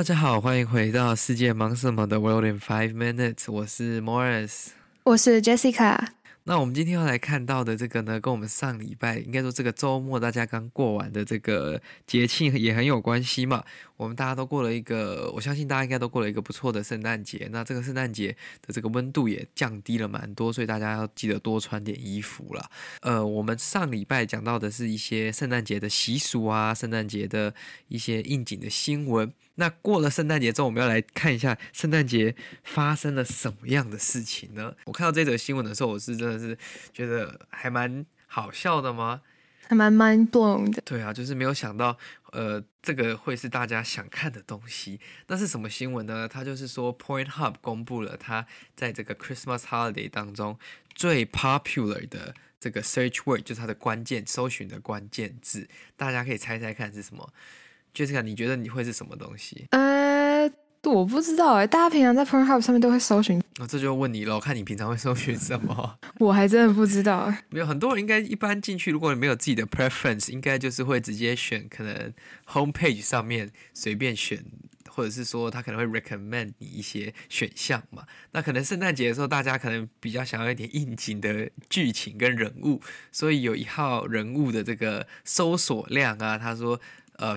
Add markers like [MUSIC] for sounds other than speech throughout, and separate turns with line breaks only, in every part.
大家好，歡迎回到世界忙什麼的 World in Five Minutes。我是 Morris，
我是 Jessica。
那我們今天要來看到的這個呢，跟我們上禮拜應該說這個周末大家剛過完的這個節慶也很有關係嘛。我們大家都過了一個，我相信大家應該都過了一個不錯的聖誕節。那這個聖誕節的這個溫度也降低了蠻多，所以大家要記得多穿點衣服啦。呃，我們上禮拜講到的是一些聖誕節的習俗啊，聖誕節的一些應景的新聞。那過了聖誕節之後，我們要來看一下聖誕節發生了什麼樣的事情呢？我看到這則新聞的時候，我是真的是覺得還蠻好笑的嗎，還
蠻 mind blown
的。對啊，就是沒有想到，呃，這個會是大家想看的東西。那是什麼新聞呢？他就是說，Pornhub 公布了他在這個 Christmas Holiday 當中最 popular 的這個 search word，就是它的關鍵搜尋的關鍵字，大家可以猜猜看是什麼？就是講，你覺得你會是什麼東西？
呃、uh,，我不知道、欸、大家平常在 Pornhub 上面都會搜尋，
那、哦、這就問你嘍，我看你平常會搜尋什麼？
[LAUGHS] 我還真的不知道。
沒有很多人應該一般進去，如果你沒有自己的 preference，應該就是會直接選，可能 homepage 上面隨便選，或者是說他可能會 recommend 你一些選項嘛。那可能聖誕節的時候，大家可能比較想要一點應景的劇情跟人物，所以有一號人物的這個搜索量，啊，他說，呃。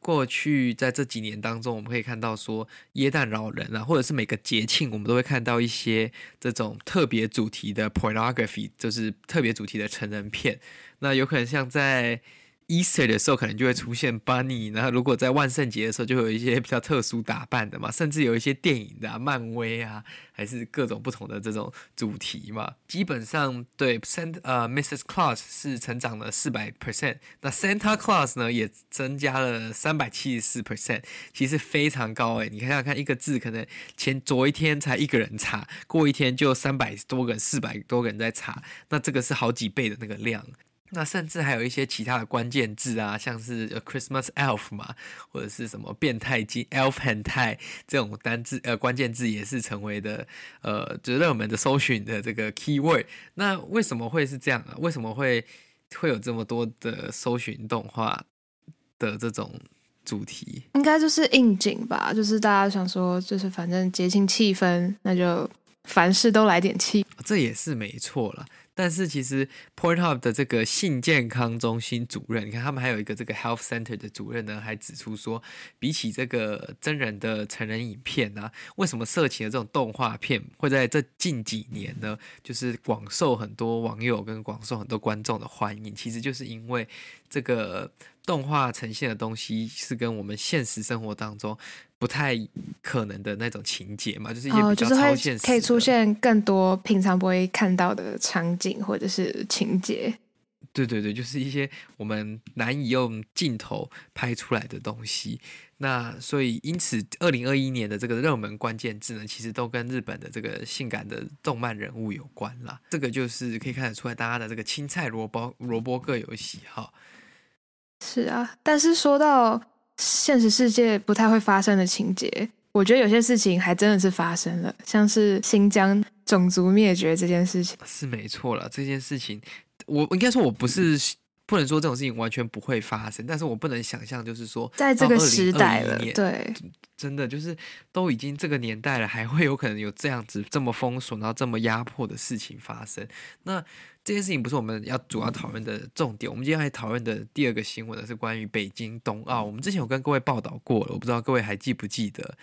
過去在這幾年當中，我們可以看到說耶誕老人啊，或者是每個節慶，我們都會看到一些這種特別主題的 pornography，就是特別主題的成人片。那有可能像在。Easter 的時候可能就會出現 Bunny，然後如果在萬聖節的時候就會有一些比較特殊打扮的嘛，甚至有一些電影的、啊、漫威啊，還是各種不同的這種主題嘛。基本上對，Santa 呃、uh, Mrs. Claus 是成長了四百 percent，那 Santa Claus 呢也增加了三百七十四 percent，其實非常高誒、欸。你看看看，一個字可能前昨一天才一個人查，過一天就三百多個人、四百多個人在查，那這個是好幾倍的那個量。那甚至還有一些其他的關鍵字啊，像是 Christmas Elf 嘛，或者是什麼變態精 Elf 變態這種單字呃關鍵字也是成為的呃得、就是、熱門的搜尋的這個 keyword。那為什麼會是這樣啊？為什麼會會有這麼多的搜尋動畫的這種主題？
應該就是應景吧，就是大家想說，就是反正節慶氣氛，那就凡事都來點氣，
這也是沒錯了。但是其實，Pornhub 的這個性健康中心主任，你看他們還有一個這個 Health Center 的主任呢，還指出說，比起這個真人的成人影片啊，為什麼色情的這種動畫片會在這近幾年呢，就是廣受很多網友跟廣受很多觀眾的歡迎，其實就是因為這個。動畫呈現的東西是跟我們現實生活當中不太可能的那種情節嘛，就是一些比較超現實、哦就是，可以
出現更多平常不會看到的場景或者是情節。
對對對，就是一些我們難以用鏡頭拍出來的東西。那所以因此，二零二一年的這個熱門關鍵字呢，其實都跟日本的這個性感的動漫人物有關啦。這個就是可以看得出來，大家的這個青菜蘿蔔蘿蔔各有喜好。是
啊，但是說到現實世界不太會發生的情節，我覺得有些事情還真的是發生了，像是新疆種族滅絕這件事情
是沒錯了。這件事情，我應該說我不是、嗯、不能說這種事情完全不會發生，但是我不能想象就是說在這個時代了，對，真的就是都已經這個年代了，還會有可能有這樣子這麼封鎖、然後這麼壓迫的事情發生？那。這件事情不是我們要主要討論的重點。嗯、我們今天來討論的第二個新聞呢，是關於北京冬奧。我們之前有跟各位報道過了，我不知道各位還記不記得？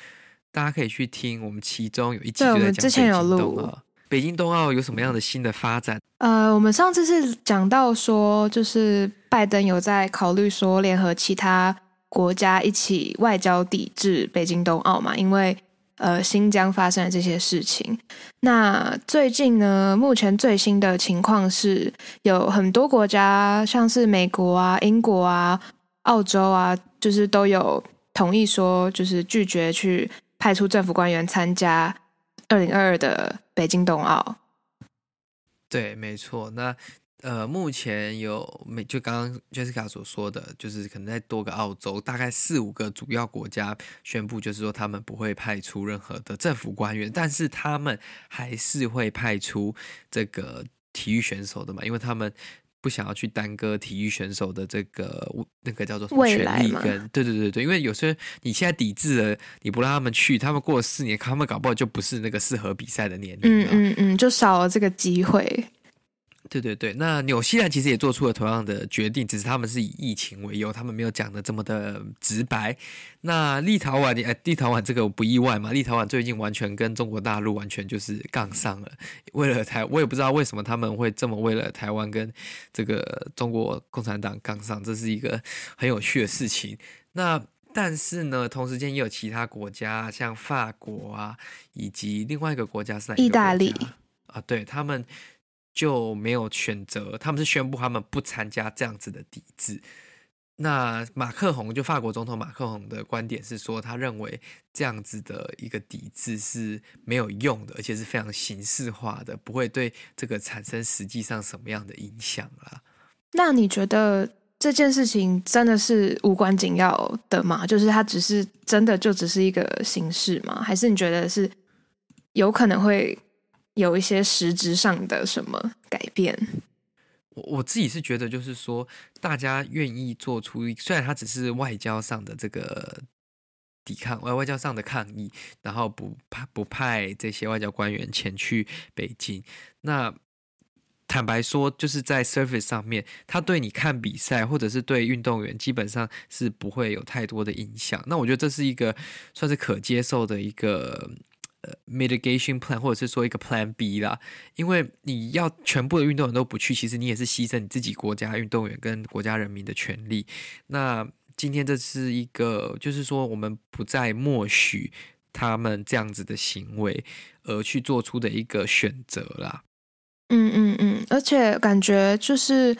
大家可以去聽我們其中有一期就在講北京冬奧，我們之前有錄，北京冬奧有什麼樣的新的發展？
呃，我們上次是講到說，就是拜登有在考慮說，聯合其他國家一起外交抵制北京冬奧嘛，因為，呃，新疆發生的這些事情，那最近呢？目前最新的情況是，有很多國家，像是美國啊、英國啊、澳洲啊，就是都有同意說，就是拒絕去派出政府官員參加二零二二的北京冬奧。
對，沒錯。那。呃，目前有每就剛剛 Jessica 所說的，就是可能在多個澳洲，大概四五個主要國家宣布，就是說他們不會派出任何的政府官員，但是他們還是會派出這個體育選手的嘛，因為他們不想要去耽擱體育選手的這個那個叫做權利跟未來。對對對對，因為有些你現在抵制了，你不讓他們去，他們過了四年，他們搞不好就不是那個適合比賽的年齡，
嗯嗯，嗯，就少了這個機會。嗯
對對對，那紐西蘭其實也做出了同樣的決定，只是他們是以疫情為由，他們沒有講得這麼的直白。那立陶宛，哎，立陶宛這個我不意外嘛，立陶宛最近完全跟中國大陸完全就是槓上了。為了台，我也不知道為什麼他們會這麼為了台灣跟這個中國共產黨槓上，這是一個很有趣的事情。那但是呢，同時間也有其他國家，像法國啊，以及另外一個國家是哪一個國家？意大利啊，對他們。就沒有選擇，他們是宣布他們不參加這樣子的抵制。那馬克宏就法國總統馬克宏的觀點是說，他認為這樣子的一個抵制是沒有用的，而且是非常形式化的，不會對這個產生實際上什麼樣的影響啊。
那你覺得這件事情真的是無關緊要的嗎？就是它只是，真的就只是一個形式嗎？還是你覺得是有可能會？有一些實質上的什麼
改變？我我自己是覺得，就是說，大家願意做出，雖然他只是外交上的這個抵抗、外、呃、外交上的抗議，然後不派不派這些外交官員前去北京。那坦白說，就是在 surface 上面，他對你看比賽，或者是對運動員，基本上是不會有太多的影響。那我覺得這是一個算是可接受的一個。Mitigation plan，或者是說一個 Plan B 啦，因為你要全部的運動員都不去，其實你也是犧牲你自己國家運動員跟國家人民的權利。那今天這是一個，就是說我們不再默許他們這樣子的行為，而去做出的一個選擇啦。嗯
嗯嗯，而且感覺就是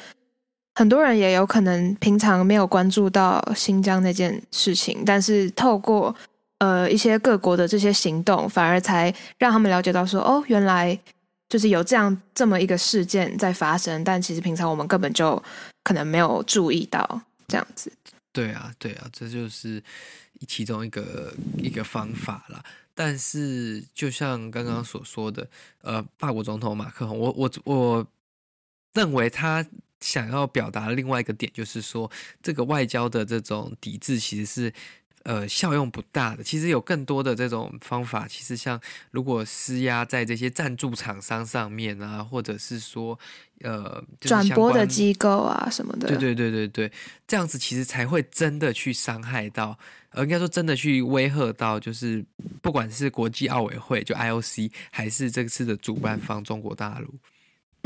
很多人也有可能平常沒有關注到新疆那件事情，但是透過。呃，一些各國的這些行動，反而才讓他們了解到說，哦，原來就是有這樣這麼一個事件在發生，但其實平常我們根本就可能沒有注意到這樣子。
對啊，對啊，這就是其中一個一個方法了。但是，就像剛剛所說的，呃，法國總統馬克龍，我我我認為他想要表達另外一個點，就是說，這個外交的這種抵制其實是。呃，效用不大的。其實有更多的這種方法，其實像如果施壓在這些贊助廠商上面啊，或者是說，呃、就是，轉播的機
構啊什麼的。對對
對對對，這樣子其實才會真的去傷害到，呃，應該說真的去威嚇到，就是不管是國際奧委會就 IOC，還是這次的主辦方中國大陸。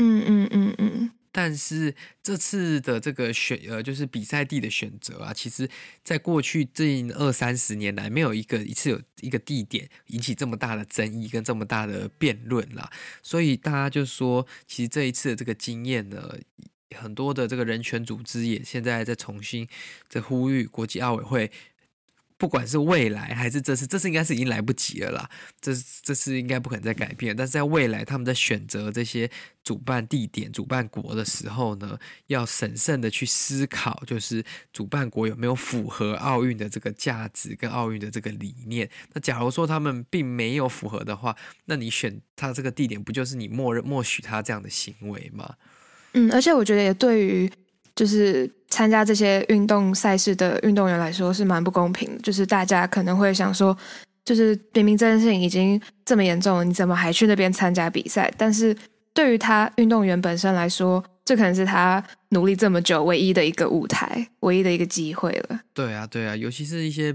嗯
嗯嗯嗯。嗯嗯
但是這次的這個選呃，就是比賽地的選擇啊，其實在過去近二三十年來，沒有一個一次有一個地點引起這麼大的爭議跟這麼大的辯論啦，所以大家就說，其實這一次的這個經驗呢，很多的這個人權組織也現在在重新在呼籲國際奧委會。不管是未來還是這次，這次應該是已經來不及了啦。這這次應該不可能再改變。但是在未來，他們在選擇這些主辦地點、主辦國的時候呢，要審慎地去思考，就是主辦國有沒有符合奧運的這個價值跟奧運的這個理念。那假如說他們並沒有符合的話，那你選他這個地點，不就是你默認默許他這樣的行為嗎？
嗯，而且我覺得也對於。就是參加這些運動賽事的運動員來說是蠻不公平的。就是大家可能會想說，就是明明這件事情已經這麼嚴重了，你怎麼還去那邊參加比賽？但是對於他運動員本身來說，這可能是他努力這麼久唯一的一個舞台，唯一的一個機會
了。對啊，對啊，尤其是一些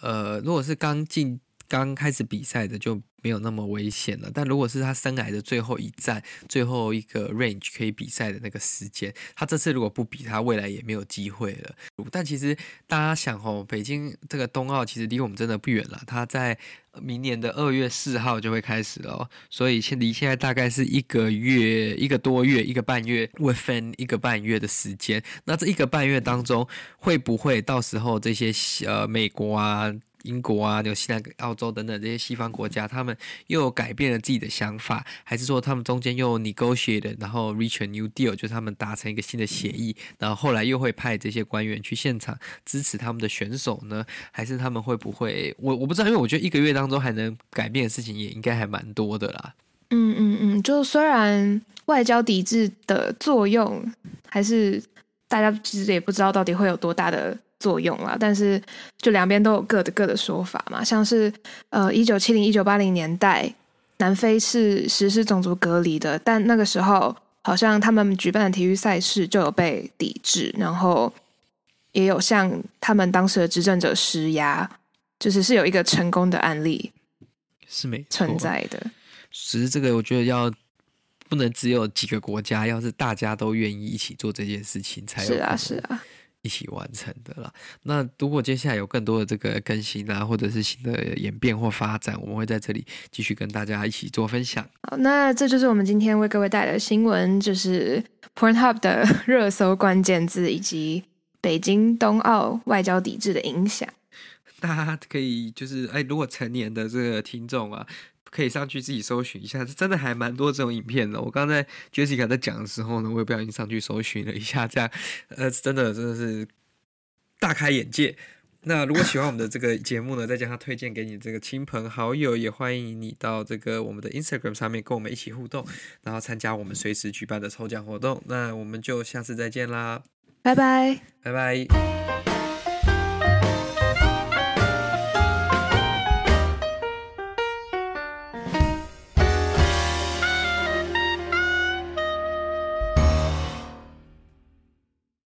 呃，如果是剛進、剛開始比賽的就。沒有那麼危險了，但如果是他生涯的最後一站，最後一個 range 可以比賽的那個時間，他這次如果不比，他未來也沒有機會了。但其實大家想哦，北京這個冬奧其實離我們真的不遠了，它在明年的二月四號就會開始了哦，所以現離現在大概是一個月，一個多月，一個半月 within 一個半月的時間。那這一個半月當中，會不會到時候這些呃美國啊，英國啊，紐西蘭、澳洲等等這些西方國家，他們又改變了自己的想法，還是說他們中間又 negotiate 然後 reach a new deal，就是他們達成一個新的協議，嗯，然後後來又會派這些官員去現場支持他們的選手呢？還是他們會不會？我我不知道，因為我覺得一個月當中還能改變的事情也應該還蠻多的啦。
嗯嗯嗯，就雖然外交抵制的作用，還是大家其實也不知道到底會有多大的。作用啦，但是就兩邊都有各的各的說法嘛。像是呃，一九七零一九八零年代，南非是實施種族隔離的，但那個時候好像他們舉辦的體育賽事就有被抵制，然後也有向他們當時的執政者施壓，就是是有一個成功的案例
是沒存在的。只是這個我覺得要不能只有幾個國家，要是大家都願意一起做這件事情才，才是啊。是啊。一起完成的啦。那如果接下來有更多的這個更新啊，或者是新的演變或發展，我們會在這裡繼續跟大家一起做分享。
好，那這就是我們今天為各位帶來的新聞，就是 Pornhub 的熱搜關鍵字以及北京冬奧外交抵制的影響。
大家可以就是哎，如果成年的這個聽眾啊，可以上去自己搜尋一下，是真的還蠻多這種影片的。我剛才 Jessica 在講的時候呢，我也不小心上去搜尋了一下，這樣呃，真的真的是大開眼界。那如果喜歡我們的這個節目呢，再將它推薦給你這個親朋好友，也歡迎你到這個我們的 Instagram 上面跟我們一起互動，然後參加我們隨時舉辦的抽獎活動。那我們就下次再見啦，拜拜，拜拜。